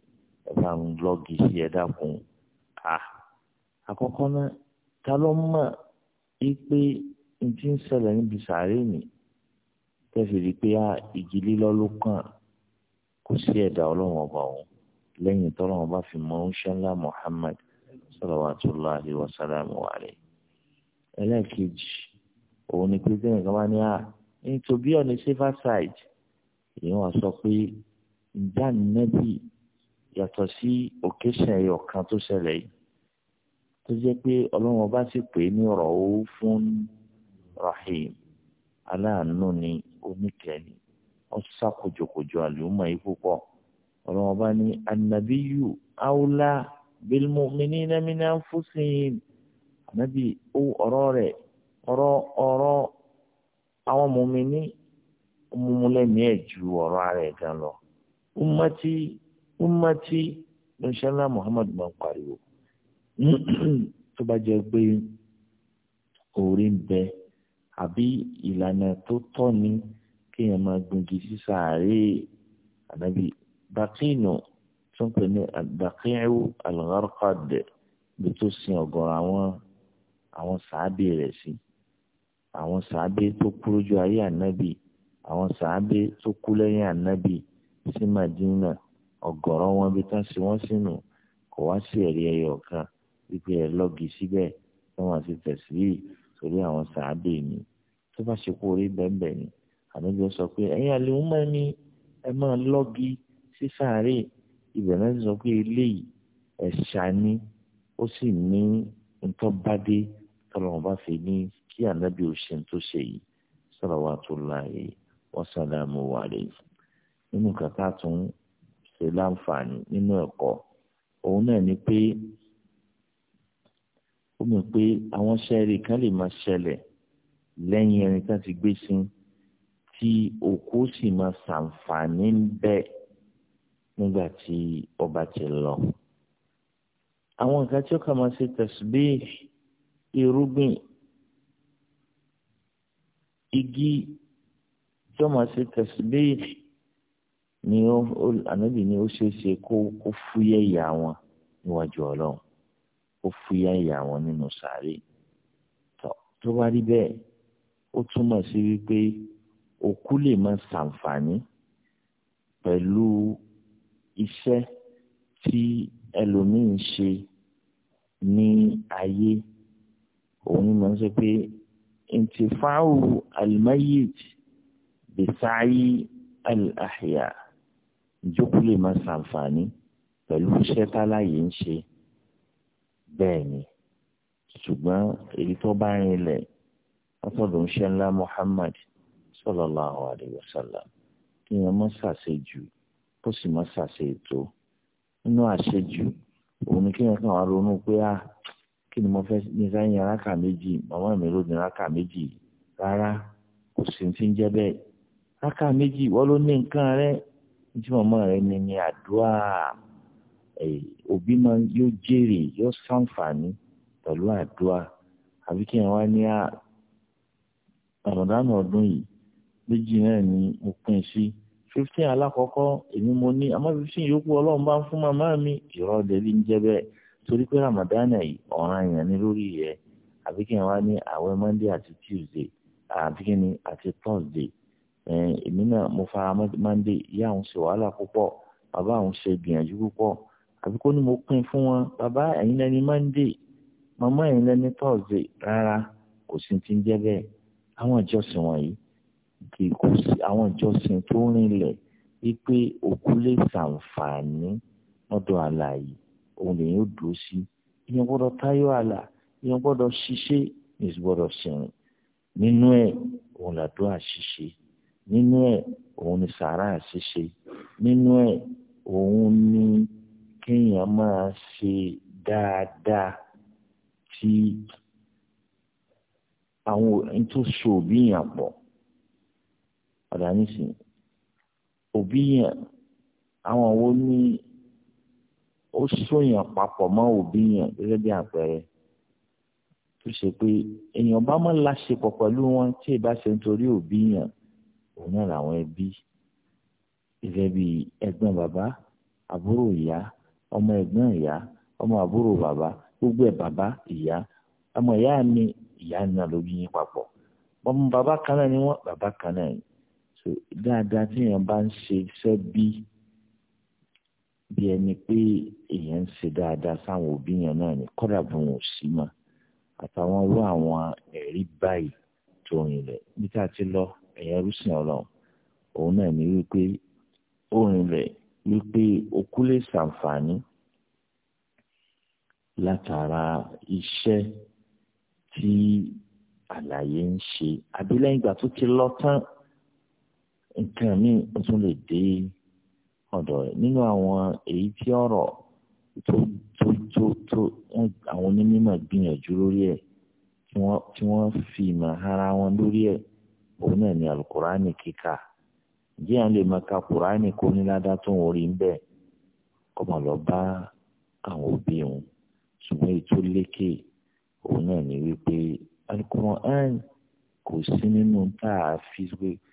ẹ̀fà ń lọ́ọ̀gì sí ẹ̀ dákun à àkọ́kọ́ náà ta ló mọ̀ pé n ń ṣẹlẹ̀ níbi sàárè mi tẹ̀sí rí i pé igi lílọ́ ló kàn kò sí ẹ̀dá ọlọ́run ọba òun lẹ́yìn tọ́lọ́ wọn bá fi mọ ṣẹ́ńlá Muhammad salawatullahi wa salamu alayhi. ẹlẹ́ẹ̀kejì òun ni pé sẹ́yìn kan bá ní à ní to be on sọ pé ǹjẹ́ ànínẹ́bì yàtọ̀ sí occasion tó ṣẹlẹ̀ yìí tó jẹ́ pé ọlọ́run ọba sì Rahim aláàánú ni oníkẹ́ni ó yìí púpọ̀. ọlọ́wọ́n bá ní anabiyu awla bilmu'minina min anfusihim anabi ó ọ̀rọ̀ rẹ̀ ọ̀rọ̀ ọ̀rọ̀ àwọn mọ̀mìnì múmúlẹ́mí ẹ̀ ju ọ̀rọ̀ ara ẹ̀ gan lọ ummati ummati inshallah muhammad máa ń pariwo tó bá jẹ́ pé orí ń bẹ àbí ìlànà tó tọ́ ni kéèyàn máa gbòǹgì sí sàárè ànábì bàkínù tún pè ní bàkínù al-Gharqad bí tó sin ọ̀gọ̀rọ̀ àwọn àwọn sàábì rẹ̀ sí àwọn sàábì tó kú lójú ayé ànábì àwọn sàábì tó kú lẹ́yìn ànábì sí Madina ọ̀gọ̀rọ̀ wọn bí tán sí wọ́n sínú kò wá sí ẹ̀rí ẹyọ kan wípé ẹ lọ́gì síbẹ̀ wọ́n máa ti tẹ̀sí torí àwọn sàábì ni tó bá ṣe kú orí bẹ́ẹ̀ bẹ́ẹ̀ ni ànábì sọ pé ẹ̀yin àlè ń mọ́ ẹni ẹ máa lọ́gì sí sàárè ibẹ̀ náà sọ pé eléyìí ẹ̀ṣà ni ó sì ní ntọ́bádé tọ́lọ́wọ́n bá fi ní kí ànábì òṣèǹ tó ṣe yìí salawatullahi wa salamuhu alayhi. nínú kàkà tún ṣe láǹfààní nínú ẹ̀kọ́ òun náà ni pé ó mọ̀ pé àwọn sẹ́ẹ̀rì kan lè máa ṣẹlẹ̀ lẹ́yìn ẹni tá ti gbé sí tí òkú sì máa ṣàǹfààní bẹ́ẹ̀ nígbà tí ọba ti lọ. àwọn nǹkan tí ó kà máa ṣe tẹ̀síbí irúgbìn igi tó máa ṣe tẹ̀síbí ni ó ànábì ni ó ṣeé ṣe kó kó fúyẹ́ ìyá wọn níwájú ọlọ́run kó fúyẹ́ ìyá wọn nínú sàárè tó bá rí bẹ́ẹ̀ ó túmọ̀ sí wípé òkú lè máa ṣàǹfààní pẹ̀lú iṣẹ́ tí ẹlòmíì ń ṣe ní ayé òun ni mo ń sọ pé intifáwù almayit bisáyí alahya ìjókòó lè máa ṣàǹfààní pẹ̀lú iṣẹ́ táláyé ń ṣe bẹ́ẹ̀ ni ṣùgbọ́n èyí tó bá rìn lẹ̀ látọ̀dọ̀ ń ṣe ńlá Muhammad sallallahu alayhi wa sallam kí wọ́n mọ̀ ṣàṣejù kó sì má ṣàṣe ètò nínú àṣejù òun ni kéèyàn kàn wá ronú pé ah kí ni mo fẹ́ ní sáyẹn aráka méjì màmá mi ló ní aráka méjì rárá kò sí ti ń jẹ́ bẹ́ẹ̀ aráka méjì wọ́n ló ní nǹkan rẹ tí màmá rẹ ní ní àdúrà òbí máa yóò jèrè yóò ṣàǹfààní pẹ̀lú àdúrà àbí kí n wá ní àmọ̀dánù ah, ọdún yìí méjì náà ni mo pín sí fifteen alákọ̀ọ́kọ́ èmi mo ní àmọ́ fifteen yòókù ọlọ́run bá ń fún màmá mi ìrọ̀ dẹ̀lí ń jẹ́ bẹ́ẹ̀ torí pé ramadana yìí ọ̀ràn èèyàn ní lórí yẹ àbí kí n wá ní àwẹ̀ monday àti tuesday àbí kí ni àti thursday èmi náà mo fara monday ìyá àwọn ṣe wàhálà púpọ̀ bàbá àwọn ṣe gbìyànjú púpọ̀ àbí kó ní mo pín fún wọn bàbá ẹ̀yin lẹ́ni monday màmá ẹ̀yin lẹ́ni thursday rárá kò sí ti ń jẹ́ bẹ́ẹ̀ àwọn ìjọsìn wọ̀nyí kì kò sí àwọn ìjọsìn tó rinlẹ̀ wípé òkú lè ṣàǹfààní lọ́dọ̀ àlàyé òun lèyìn ó dúró sí ìyẹn gbọ́dọ̀ táyọ̀ àlà ìyẹn gbọ́dọ̀ ṣiṣẹ́ ìyẹn gbọ́dọ̀ sìnrìn nínú ẹ̀ òun làdúrà ṣiṣẹ́ nínú ẹ̀ òun ni sàárà ṣiṣẹ́ nínú ẹ̀ òun ni kéèyàn máa ṣe dáadáa tí àwọn tó so òbí yàn pọ̀ ọ̀dà nísìn òbí yẹn àwọn wo ni ó sóyàn papọ̀ mọ́ òbí yẹn gẹ́gẹ́ bí àpẹẹrẹ tó ṣe pé èèyàn bá mọ́ láṣepọ̀ pẹ̀lú wọn tí ì bá ṣe nítorí òbí yẹn òun náà làwọn ẹbí gẹ́gẹ́ bí ẹ̀gbọ́n bàbá àbúrò ìyá ọmọ ẹ̀gbọ́n ìyá ọmọ àbúrò bàbá gbogbo ẹ̀ bàbá ìyá ọmọ ìyá mi ìyá náà ló bí yín papọ̀ ọmọ bàbá kan náà ni wọ́n bàbá kan náà ni so dáadáa tí èèyàn bá ń ṣe iṣẹ́ bí bí ẹni pé èèyàn ń ṣe dáadáa sáwọn òbí yẹn náà ni kọ́dà bí wọn ò sí mọ́ àtàwọn irú àwọn ẹ̀rí báyìí tó rinlẹ̀ níta ti lọ ẹ̀yàn rúṣin ọlọ́run òun náà ní wípé ó rinlẹ̀ wípé okú lè ṣàǹfààní látara iṣẹ́ tí àlàyé ń ṣe àbí lẹ́yìn ìgbà tó ti lọ tán nǹkan míì ó tún lè dé ọ̀dọ̀ rẹ̀ nínú àwọn èyí tí ọ̀rọ̀ tó tó tó tó àwọn onímọ̀ gbìyànjú lórí ẹ̀ tí wọ́n fi ìmọ̀ ara wọn lórí ẹ̀ òun náà ni alukurani kíkà ǹjẹ́ à ń lè máa ka kurani kó níládá tó ń orí ń bẹ̀ kọ́ mọ̀ lọ bá àwọn òbí òun ṣùgbọ́n ètò lékè òun náà ni wípé alukurani kò sí nínú tá a fi wípé.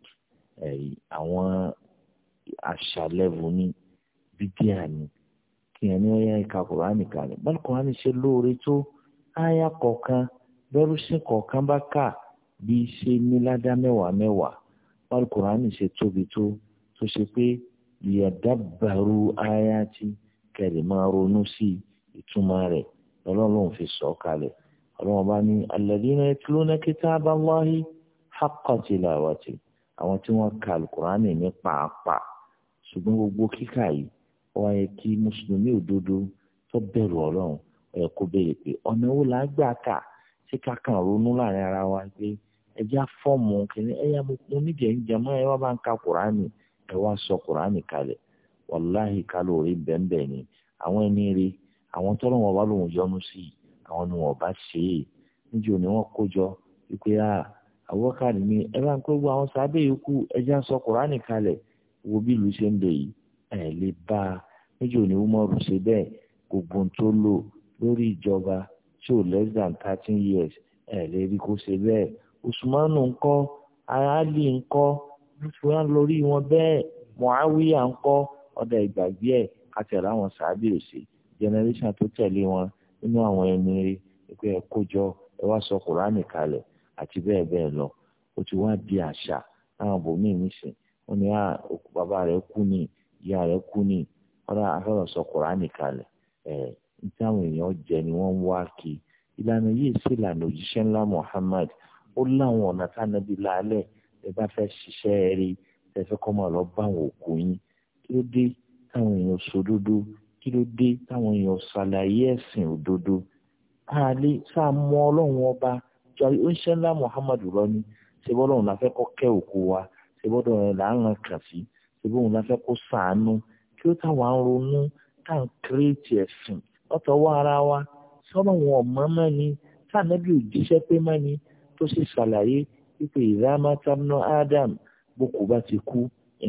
àwọn àṣà lẹ́vù ní bídíà ni kí ẹni ó yá ìka kùránì kalẹ̀ bọ́lá kùránì ṣe lóore tó áyà kọ̀ọ̀kan bẹ́rùsìn kọ̀ọ̀kan bá kà bí í ṣe ní ládá mẹ́wàá mẹ́wàá bọ́lá kùránì ṣe tóbi tó tó ṣe pé liyadabbaru ayati kẹlẹ̀ máa ronú sí ìtumọ̀ rẹ̀ ọlọ́run fi sọ kalẹ̀ ọlọ́run bá ní alladhina yatluna kitaballahi haqqa tilawati. àwọn tí wọn ka alukurani ní pàápàá ṣùgbọ́n gbogbo kíkà yìí wọ́n wáyé kí mùsùlùmí òdodo tó bẹ̀rù ọlọ́run ẹ̀ kó pé ọ̀nà wo gbà kà sí kankan ara wa pé ẹjá fọ́ọ̀mù kìíní ẹ̀yà mo ń jẹ mọ́ ẹ bá ń ka kùránì ẹ wá sọ kùránì kalẹ̀ wàláhì kálórì bẹ́ẹ̀nbẹ́ẹ̀ ni àwọn ẹni rí àwọn tọ́lọ́ wọn bá lòun yọnu sí àwọn ni wọn bá ṣe é níjẹ́ Abubakar ni ẹ bá ń pẹ́ gbọ́ àwọn sábẹ́ yòókù ẹja ń sọ Kùránì kalẹ̀ wo bí ìlú ṣe ń bẹ yìí ẹ̀ lè bá a méjì ò ní Umaru ṣe bẹ́ẹ̀ gbogbo ohun tó lò lórí ìjọba tí ò less than thirteen years ẹ̀ lè rí kó ṣe bẹ́ẹ̀ Usmanu ńkọ́ Ali ńkọ́ fúnra lórí wọn bẹ́ẹ̀ Muawiya ńkọ́ ọ̀dà ìgbàgbé ẹ̀ àti àwọn sábẹ́ òsè generation tó tẹ̀lé wọn nínú àwọn ẹni rí pé ẹ kójọ ẹ wá sọ Kùránì kalẹ̀ àti bẹ́ẹ̀ bẹ́ẹ̀ lọ ó ti wá di àṣà láwọn bòmíì nísìn bàbá kú ni ìyá kú ni afẹ́rọ̀ sọ kùránì kalẹ̀ ẹ̀ èèyàn jẹ wá kí ìlànà yìí sí ìlànà òjíṣẹ́ ńlá Muhammad ó láwọn ọ̀nà lálẹ́ ẹ bá fẹ́ ṣiṣẹ́ rí ẹ fẹ́ lọ bá àwọn òkú yín kí ló dé táwọn èèyàn kí ló dé táwọn èèyàn ẹ̀sìn òdodo káàlẹ́ sáà torí ó ń ṣe ńlá muhammadu rọ ni ṣe bọ́dọ̀ òun la fẹ́ kọ́ kẹ́ òkú wa ṣe bọ́dọ̀ òun là ń ràn kàn sí ṣe bọ́dọ̀ òun la fẹ́ kó sàánú kí ó táwa ń ronú tá à ń kírètì ẹ̀sìn lọ́tọ̀ọ́wọ́ ara wa sọ́nà wọn ọ̀mọ́ mọ́ ni sànẹ́bí òjíṣẹ́ pé mọ́ ni tó sì ṣàlàyé pípé ìdámátámná Adam bókù bá ti kú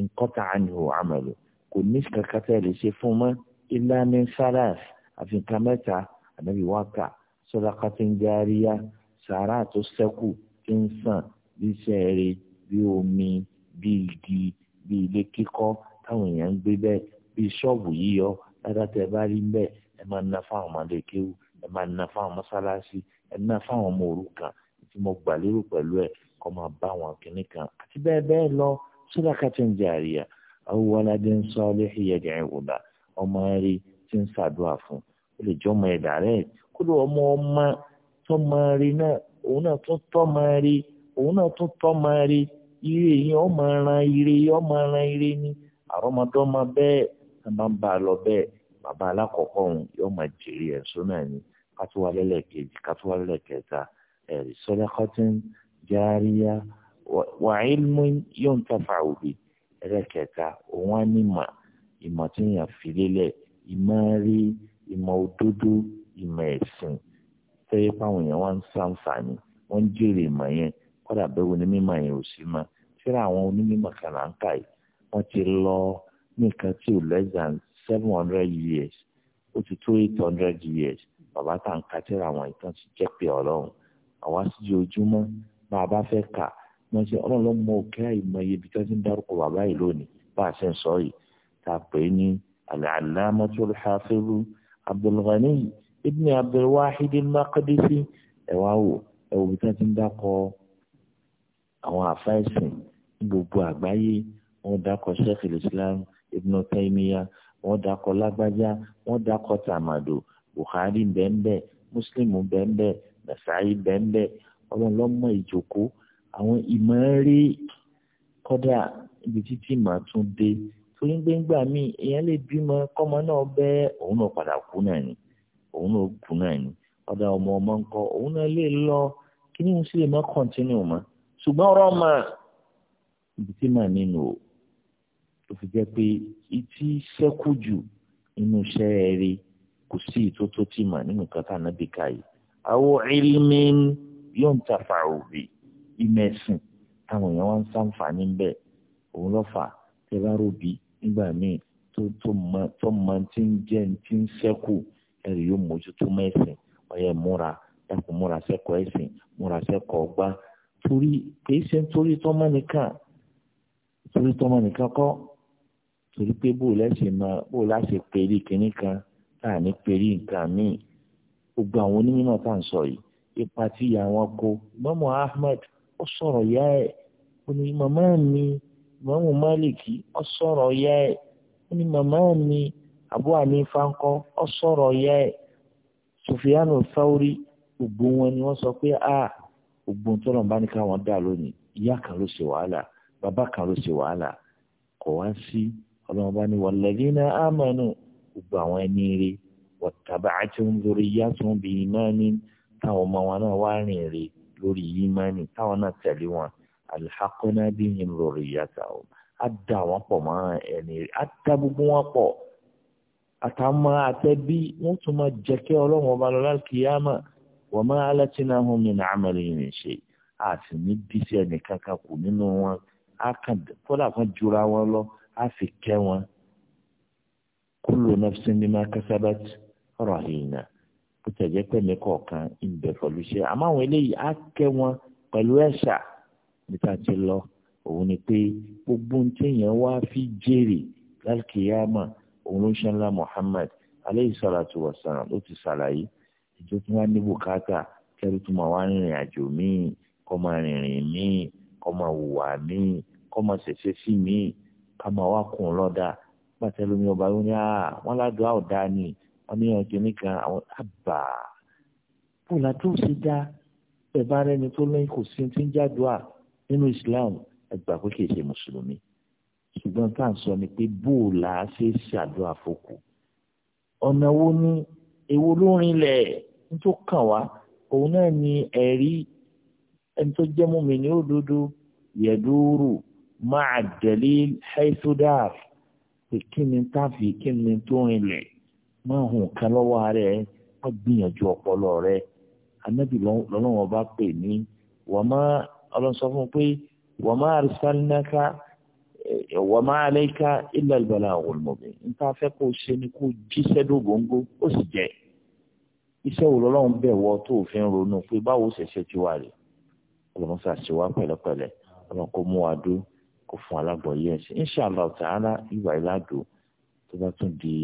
nǹkan tá à ń àmàlò kò ní kankan lè ṣe fún mọ́ ilá ní sálàs àfi nǹkan mẹ́ta ànábì wákà sọ́dọ̀ kàtí sàárà tó ṣẹ́kù tó ń sàn bí sẹ́ẹ̀rẹ̀ bí omi bí igi bí ilé kíkọ́ táwọn èèyàn ń gbé bẹ́ẹ̀ bí ṣọ́ọ̀bù yíyọ dáadáa tẹ́ bá rí bẹ́ẹ̀ ẹ máa ná fáwọn ọmọdé kéwù ẹ máa ná fáwọn mọ́sálásí ẹ ná fáwọn ọmọ òrukàn tí mo gbà lérò pẹ̀lú ẹ̀ kọ́ máa bá wọn kìnnì kan àti bẹ́ẹ̀ bẹ́ẹ̀ lọ sadaqatan jariyah aw waladin salihin yad'u lahu ọmọ rí ti ń ṣàdúrà fún ó lè jọ́ ọmọ ẹ̀dá rẹ̀ kó ló ọmọ ọmọ tọ́mọ náà òun náà tún tọ́mọ rí òun náà tún ire yẹn ọ ran ire ọmọ ran ire ni àrọ́mọdọ́mọ a bá ń bá a lọ bàbá alákọ̀ọ́kọ́ òun yóò máa jèrè náà ni kẹta ẹ̀rí sọ́dákọ́tín járíyá wà yóò ń tàfà òbí ẹlẹ́kẹta òun á ní ìmọ̀ ìmọ̀ tí yàn fi lélẹ̀ ìmọ̀ rí òdodo tẹ́yẹ páwọn èèyàn wá ń ṣàǹfààní wọ́n ń jèrè ìmọ̀ yẹn kọ́dà bẹ́wò ní mímọ̀ yẹn ò sí mọ́ síra àwọn onímọ̀ kan là ń kà yìí wọ́n ti lọ nìkan tí ò less than seven hundred years ó ti tó eight hundred years bàbá tá à ń ka síra àwọn ìtàn ti jẹ́ pé ọlọ́run àwa sì di ojúmọ́ bá a bá fẹ́ kà wọ́n ṣe ọlọ́run ló mọ òkè àìmọ̀ iye ibi tí ń dárúkọ bàbá yìí lónìí bá a ṣe ń sọ yìí tá a pè é ní al-allamatul hafiz Abdul Ghani ibn abdulwahid makadisi ẹ̀wá wò ẹ̀wò bí wọ́n ti ń dákọ̀ àwọn àfáìsìn ní gbogbo àgbáyé wọ́n dákọ̀ sheikh islam ibn taymiya wọ́n dákọ̀ lágbájá wọ́n dákọ̀ tàmàdò buhari bẹ́ẹ̀nbẹ́ẹ̀ muslim bẹ́ẹ̀nbẹ́ẹ̀ nasaayi bẹ́ẹ̀nbẹ́ẹ̀ ọlọ́lọ́mọ ìjòkó àwọn ìmọ̀ọ́rí kọ́dà ibi títí màá tún dé torí gbẹ́ngbà míì èèyàn lè bímọ kọ́mọ náà bẹ́ẹ̀ òun náà padà kú náà ni òun náà gùn náà ni ọ̀dà ọmọ ọmọ ńkọ́ òun náà lè lọ kí ni mo sì lè má kọ́ntínú mọ́ ṣùgbọ́n ọ̀rọ̀ ọmọ ibi tí màá nínú o tó fi jẹ́ pé ìtí ṣẹ́kù jù nínú iṣẹ́ rere kò sí ìtótó tí mà nínú kàtà nábì káyì àwọn ilmin yóò ń ta fàrùbì ìmẹ̀sìn táwọn èèyàn wá ń sàǹfààní ń bẹ̀ òun ló fà tẹ́ bí nígbà míì tó mọ tí ń jẹ́ ti ń ṣẹ́kù ẹ̀rí yóò mójútó mẹ́sìn ọ̀yẹ́ múra ẹkùn múra sẹ́kọ̀ọ́ ẹ̀sìn múra sẹ́kọ̀ọ́ ọgbà torí kìí ṣe nítorí tọ́mọ torí tọ́mọ nìkan torí pé bó lẹ́sìn máa bó láṣẹ pèrí kínní kan táà ní pèrí nǹkan míì gbogbo àwọn onímọ̀ tá à ń sọ yìí ipa tí ìyá wọn mọ́mọ́ Ahmed ó sọ̀rọ̀ abu hanifa ńkọ ọ sọ̀rọ̀ yẹ sufiyanu sauri gbogbo wọn ni wọ́n sọ pé a gbogbo tó lọ́n bá ní káwọn dà lónìí ìyá kan ló ṣe wàhálà bàbá kan ló ṣe wàhálà kò wá sí ọlọ́run bá ní walladhina amanu gbogbo àwọn ẹni rí wattaba'athum dhurriyyatuhum bi imanin táwọn ọmọ wọn náà wá rìn rí lórí ìmánì táwọn náà tẹ̀lé wọn alhaqna bihim dhurriyyatahum á dà wọ́n pọ̀ mọ́ ẹni rí á gbogbo wọn pọ̀ àtàwọn àtẹ́bí wọ́n tún máa jẹ́kẹ́ ọlọ́run ọba lọ́la kìyàmà wọ́n máa alátinà hàn mí nà àmàlẹ́ ìrìn ṣe a sì ní bísí ẹnì kankan kù nínú wọn a kàn kódà kan jura wọn lọ a fi kẹ́ wọn kullu nafsin bima kasabat rahina bó tẹ̀jẹ́ pẹ̀mí kọ̀ọ̀kan ń bẹ̀ pẹ̀lú iṣẹ́ àmọ́ àwọn eléyìí á kẹ́ wọn pẹ̀lú ẹ̀ṣà níta ti lọ òun ni pé gbogbo ohun téèyàn wá fi jèrè lálùkìyàmà òrùnṣẹ́ ńlá Muhammad aleyhi salatu wa salam ló ti ṣàlàyé ètò tí wọ́n ní bùkátà kẹ́rù tó máa wá rìnrìn àjò míì kọ́ máa rìnrìn míì kọ́ máa hùwà míì kọ́ máa ṣẹ̀ṣẹ̀ sí míì ká máa wá kùn lọ́dà pàtẹ́lómi ọba yóò ní àá wọ́n ládùá ọ̀dà ni wọ́n ní ọjọ́ nìkan àwọn àbà bùnà tó ṣe dá ẹ̀ bá rẹ́ni tó lóyún kò sí ti ń jádùá nínú Islam ẹgbàá pé kì í ṣe mùsùlùmí ṣùgbọ́n tá à ń sọ ni pé bó o là á ṣe ṣàdúrà fòkù ọ̀nà wo ni èwo ló rinlẹ̀ tó kàn wá òun náà ni ẹ̀rí ẹni tó jẹ́ mọ́mi ní òdodo yẹ̀dúrù máa dẹ̀lé haisodar pé kí ni táàfì kí ni tó rinlẹ̀ máa hùn kan lọ́wọ́ rẹ̀ wọ́n gbìyànjú ọpọlọ rẹ̀ anábì lọ́lọ́wọ́n bá pè ní wọ́n máa ọlọ́sọ fún pé wọ́n máa rí wa ma alayka illa al-balaghul mubin nípa fẹ́ kó ṣe ni kó jíṣẹ́ dógóńgó ó sì jẹ́ iṣẹ́ wo lọ́lọ́run bẹ̀ wọ tó fi ń ronú pé báwo ṣẹ̀ṣẹ̀ ti wà rẹ̀ ọlọ́run ṣàṣewá pẹ̀lẹ́pẹ̀lẹ́ ọlọ́run kó mú wa dó kó fún alágbọ̀yé ẹ̀sìn inshallah ta'ala ìwà ìlàdó tó bá tún di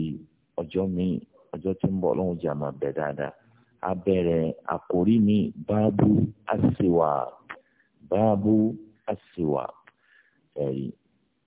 ọjọ́ míì ọjọ́ tí ń bọ̀ ọlọ́run jà máa bẹ̀ dáadáa a àkórí mi báàbù àṣìwà báàbù àṣìwà ẹ̀rí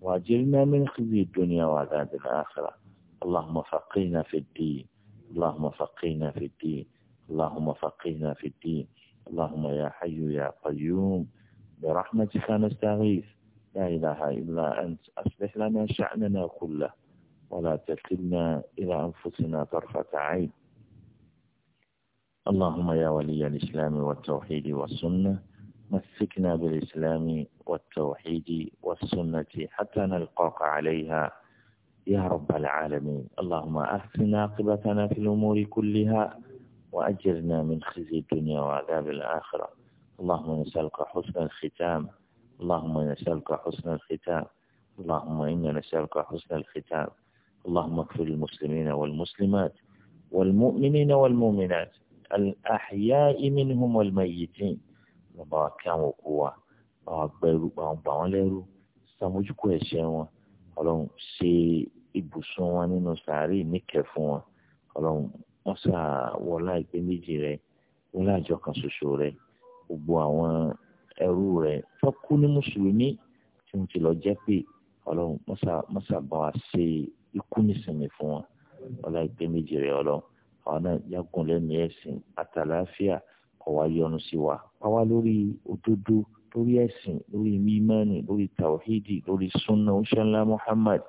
واجرنا من خزي الدنيا وعذاب الآخرة اللهم فقهنا في الدين اللهم فقهنا في الدين اللهم فقهنا في الدين اللهم يا حي يا قيوم برحمتك نستغيث لا إله إلا أنت أصلح لنا شأننا كله ولا تكلنا إلى أنفسنا طرفة عين اللهم يا ولي الإسلام والتوحيد والسنة مسكنا بالإسلام والتوحيد والسنة حتى نلقاك عليها يا رب العالمين اللهم أحسن عاقبتنا في الأمور كلها وأجرنا من خزي الدنيا وعذاب الآخرة اللهم نسألك حسن الختام اللهم نسألك حسن الختام اللهم إنا نسألك حسن الختام اللهم اغفر المسلمين والمسلمات والمؤمنين والمؤمنات الأحياء منهم والميتين bàbá wa kí àwọn òkú wa bá wa gbẹrú bá wọn bà wọn lẹ́rú ṣàmójúkú ẹ̀ṣẹ̀ wọn ọlọ́run ṣe ibùsùn wọn nínú sàárè níkẹ́ fún wọn ọlọ́run wọ́n sà wọlá ìpè méjì rẹ wọlá àjọ kan ṣoṣo rẹ gbogbo àwọn ẹrú rẹ fọ́kú ní mùsùlùmí tí wọ́n ti lọ jẹ́ pé ọlọ́run wọ́n sà bá wa ṣe ikú nísìnyí fún wọn wọlá ìpè méjì rẹ ọlọ́run àwọn náà jágun lẹ́nu ẹ̀sìn àtàlàáfíà ọ̀wá yọ́nú sí wa pàwá lórí òdodo lórí ẹ̀sìn lórí mímánì lórí tàwíìdì lórí súnà ọ̀ṣánlá muhammad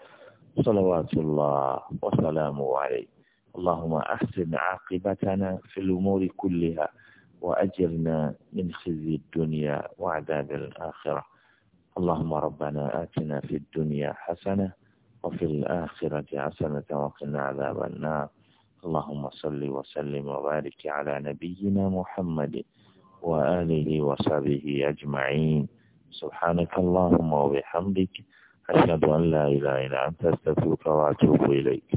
salawatullah wasalamu alayhi allahumma ahsin aqibatana fil umuri kulliha wa ajirna min khizyi dunya wa adabil akhirah allahumma rabbana atina fid dunya hasana wa fil akhirati hasana wa qina adhaban nar اللهم صل وسلم وبارك على نبينا محمد وآله وصحبه أجمعين سبحانك اللهم وبحمدك أشهد أن لا إله إلا أنت أستغفرك وأتوب إليك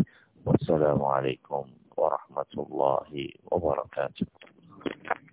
والسلام عليكم ورحمة الله وبركاته